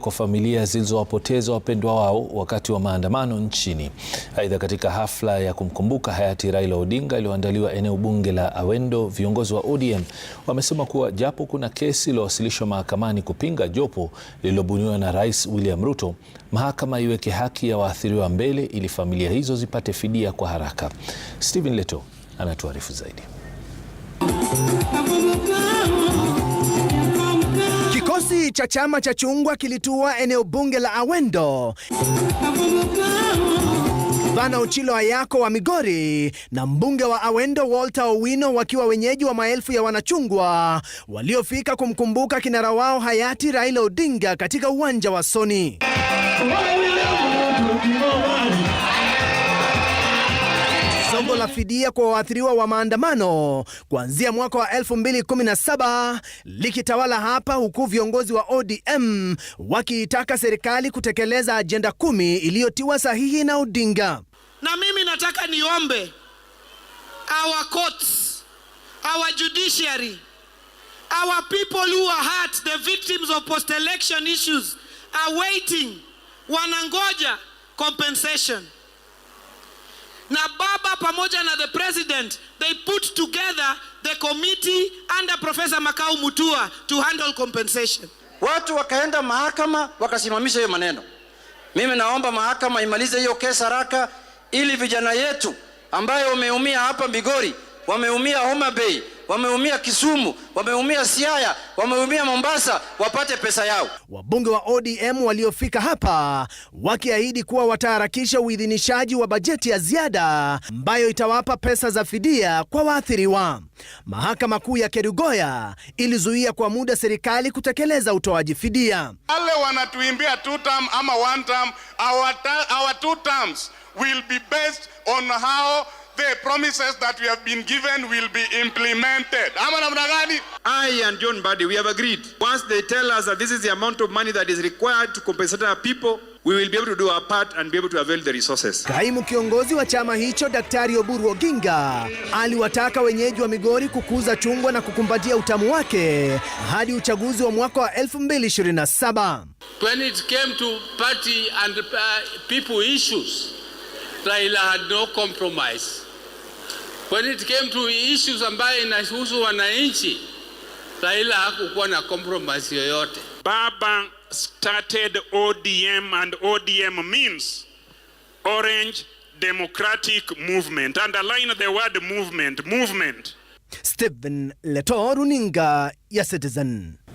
kwa familia zilizowapoteza wapendwa wao wakati wa maandamano nchini. Aidha, katika hafla ya kumkumbuka hayati Raila Odinga iliyoandaliwa eneo bunge la Awendo, viongozi wa ODM wamesema kuwa japo kuna kesi iliyowasilishwa mahakamani kupinga jopo lililobuniwa na Rais William Ruto, mahakama iweke haki ya waathiriwa mbele ili familia hizo zipate fidia kwa haraka. Stephen Leto anatuarifu zaidi. Kikosi cha chama cha chungwa kilitua eneo bunge la Awendo. Gavana Ochilo Ayako wa Migori na mbunge wa Awendo Walter Owino wakiwa wenyeji wa maelfu ya wanachungwa waliofika kumkumbuka kinara wao hayati Raila Odinga katika uwanja wa Sony. Ombo la fidia kwa waathiriwa wa maandamano kuanzia mwaka wa 2017 likitawala hapa, huku viongozi wa ODM wakiitaka serikali kutekeleza ajenda kumi iliyotiwa sahihi na Odinga. Na mimi nataka niombe our courts, our judiciary, our people who are hurt, the victims of post-election issues are waiting, wanangoja compensation na baba pamoja na the president they put together the committee under Professor Makau Mutua to handle compensation. Watu wakaenda mahakama wakasimamisha hiyo maneno. Mimi naomba mahakama imalize hiyo kesa haraka ili vijana yetu ambayo wameumia hapa Migori, wameumia Homa Bay wameumia Kisumu, wameumia Siaya, wameumia Mombasa, wapate pesa yao. Wabunge wa ODM waliofika hapa wakiahidi kuwa wataharakisha uidhinishaji wa bajeti ya ziada ambayo itawapa pesa za fidia kwa waathiriwa. Mahakama Kuu ya Kerugoya ilizuia kwa muda serikali kutekeleza utoaji fidia. Wale wanatuimbia two term ama one term, our, our two terms will be based on how the promises that we have been given will be implemented. Ama namna gani? I and John Mbadi, we have agreed. Once they tell us that this is the amount of money that is required to compensate our people, we will be able to do our part and be able to avail the resources. Kaimu kiongozi wa chama hicho Daktari Oburu Oginga aliwataka wenyeji wa Migori kukuza chungwa na kukumbatia utamu wake hadi uchaguzi wa mwaka wa 2027. When it came to party and uh, people issues, Raila had no compromise. When it came to issues ambayo inahusu wananchi, Raila hakukuwa na compromise yoyote. Baba started ODM and ODM means Orange Democratic Movement. Underline the word movement, movement. Stephen Leto, Runinga ya Citizen.